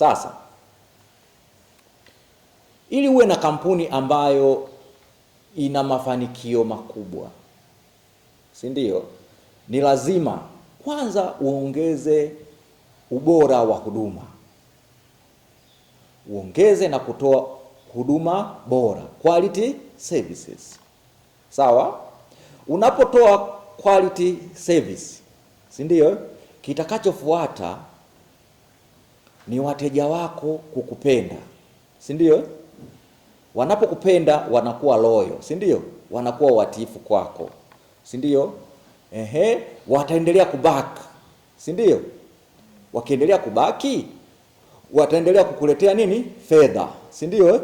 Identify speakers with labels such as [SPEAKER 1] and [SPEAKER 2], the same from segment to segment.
[SPEAKER 1] Sasa ili uwe na kampuni ambayo ina mafanikio makubwa, si ndio? Ni lazima kwanza uongeze ubora wa huduma, uongeze na kutoa huduma bora, quality services. Sawa, unapotoa quality service, si ndio? Kitakachofuata ni wateja wako kukupenda, si ndio? Wanapokupenda wanakuwa loyo, si ndio? Wanakuwa watiifu kwako, si ndio? Ehe, wataendelea kubaki, si ndio? Wakiendelea kubaki wataendelea kukuletea nini? Fedha, si ndio?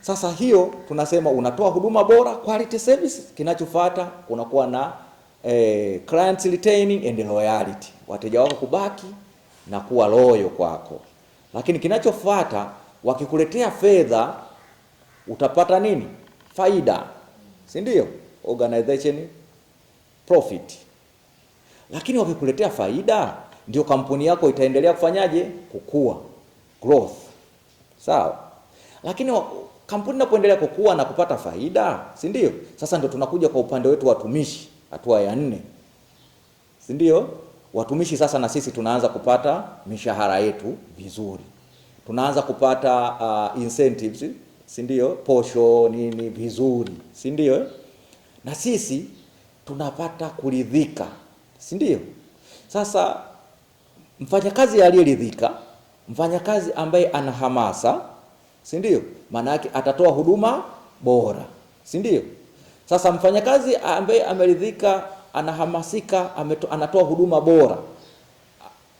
[SPEAKER 1] Sasa hiyo tunasema unatoa huduma bora, quality service. Kinachofuata unakuwa na eh, client retaining and loyalty, wateja wako kubaki na kuwa loyo kwako. Lakini kinachofuata wakikuletea fedha utapata nini? Faida, si ndio? Organization profit. Lakini wakikuletea faida, ndio kampuni yako itaendelea kufanyaje? Kukua, growth, sawa. Lakini kampuni inapoendelea kukua na kupata faida, si ndio? Sasa ndio tunakuja kwa upande wetu watumishi, hatua ya nne, si ndio? Watumishi sasa na sisi tunaanza kupata mishahara yetu vizuri, tunaanza kupata uh, incentives, si ndio? Posho nini vizuri, si ndio? Eh? Na sisi tunapata kuridhika, si ndio? Sasa mfanyakazi aliyeridhika, mfanyakazi ambaye ana hamasa, si ndio? Maana yake atatoa huduma bora, si ndio? Sasa mfanyakazi ambaye ameridhika anahamasika ameto, anatoa huduma bora,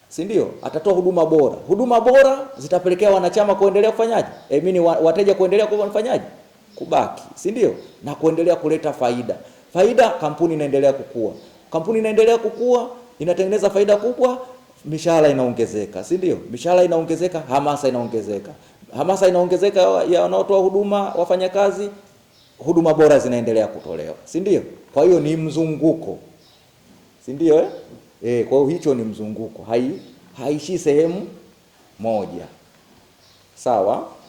[SPEAKER 1] si ndio? Atatoa huduma bora. Huduma bora zitapelekea wanachama kuendelea kufanyaje? Eh, mimi wateja kuendelea kufanyaje? Kubaki, si ndio? Na kuendelea kuleta faida. Faida, kampuni inaendelea kukua, kampuni inaendelea kukua, inatengeneza faida kubwa, mishahara inaongezeka, si ndio? Mishahara inaongezeka, hamasa inaongezeka, hamasa inaongezeka ya wanaotoa huduma, wafanyakazi huduma bora zinaendelea kutolewa, si ndio? Kwa hiyo ni mzunguko si ndio eh? Eh, kwa hiyo hicho ni mzunguko, haishii haishi sehemu moja, sawa.